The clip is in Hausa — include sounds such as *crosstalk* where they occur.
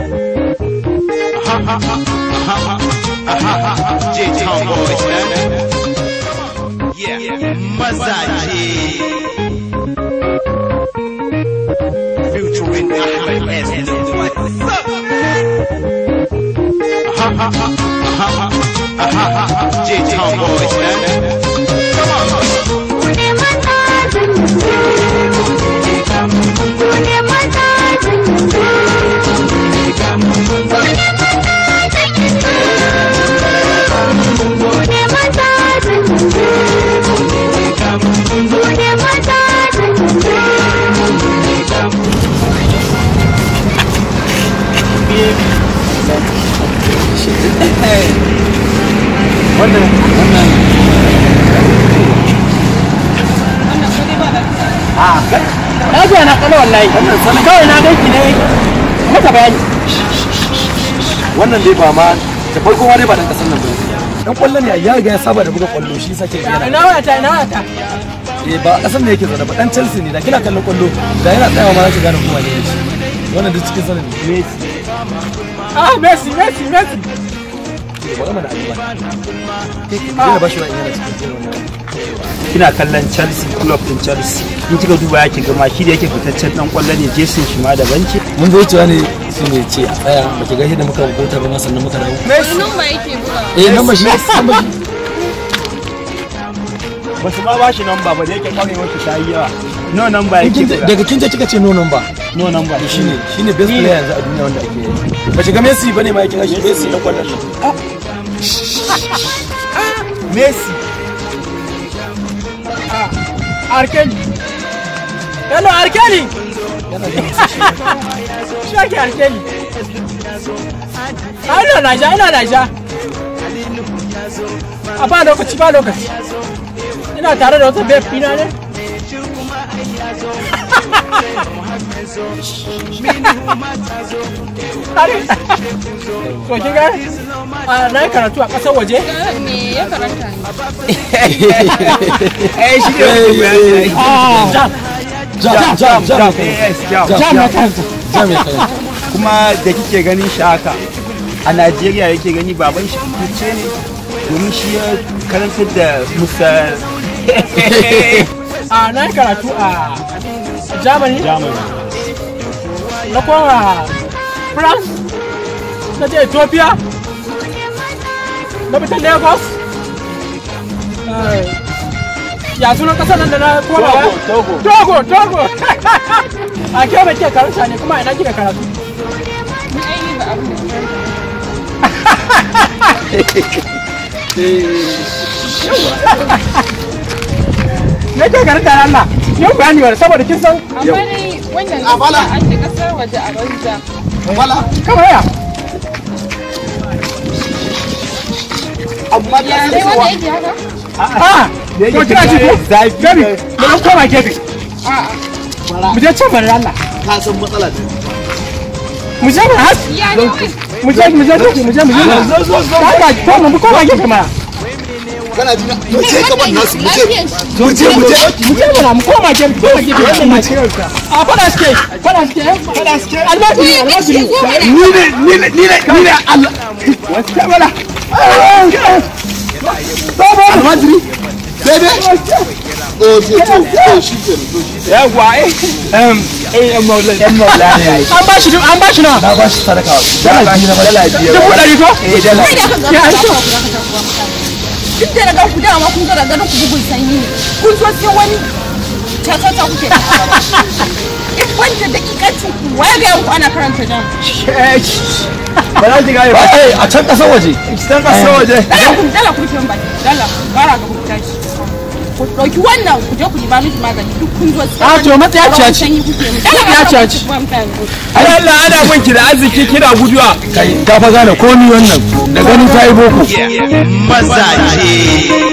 J-Town boys, man. Yeah, Mazaji. Featuring Ahmed S. What's up, man? j boys, Come on, wannan na zuwa na kala wallahi kawai na ganki ne maka bayani wannan dai ba ma da farko ma dai ba dan kasar nan ba dan kwallo ne ya riga ya saba da buga kwallo shi sake yana ina wata ina wata eh ba kasar ne yake zaune ba dan Chelsea ne da kina kallon kwallo da yana tsayawa ma zaka gane kuma ne wannan duk cikin sanin Messi ah Messi Messi Messi Ah. kina kallon chelsea club din chelsea in kika duba yake ki gama shi da yake fitaccen dan kwallo ne jason shi ma daban ce mun zo cewa ne su ne ce a tsaya ba ki ga da muka gota ba sannan muka dawo me eh, shi namba yake buga eh namba shi namba shi ba bashi namba ba da yake wasu ta yi yawa no namba daga kinta kika ce no namba no namba shine ne best player yanzu a duniya wanda ake yi ba shiga Messi ne ma yake shi Messi na kwallon ah! Messi ah, Arkeli Hello Arkeli Shaki Arkeli Ana na ana A ba lokaci, ba lokaci. ina tare da wata bef fina ne to ga na karatu a ƙasar waje me ya karanta *laughs* eh shi ne jam jam ya ya ya kuma da kike ganin shi a Najeriya yake gani baban shi kuce ne domin shi ya karantar da Musa a *laughs* ah, na karatu a germany na koma france na je ethiopia na fita lagos eh, ya sunan kasa nan da na koma togo togo togo *laughs* a ke bai ke karanta ne kuma ina kika karatu Hey. *laughs* Eh. me ke garin da Allah yau wani saboda kin san amma wannan ah, waje a banza kamar ya amma ya a ah, ah, to kina ko mu koma gefe a a mu je bari Allah ka san matsala ce mu je mu je mu je mu je mu je mu je mu kana ji na to je ka ban nasu muje muje muje muje mana mu koma ke ko ke wannan ma ce a fada suke fada suke eh? fada suke Allah ni ni ne ni ne ni ni Allah wata bala Baba, Madri, daidai o shi ke shi ke yawa eh yan maula yan maula an ba shi an ba shi na na ba shi sadaka dala biyu na ba dala biyu dubu dari ko eh dala ya an so duk da na ga ku dama kun ga garin ku bugun sanyi kun so sai wani ta tsotsa kuke wanda dakikancin ku waya ga yanku ana karanta jan. ba za ki gane ba eh a can kasar waje can kasar waje dala ku dala ku tun baki dala gara ga ku tashi ku dauki wannan ku je ku yi ba miki magani duk kun zo a to matsaya ciya ci ya ciya ci Allah ana mun ki da arziki kina guduwa kai ka fa gane komi wannan da ganin ta yi boko mazaje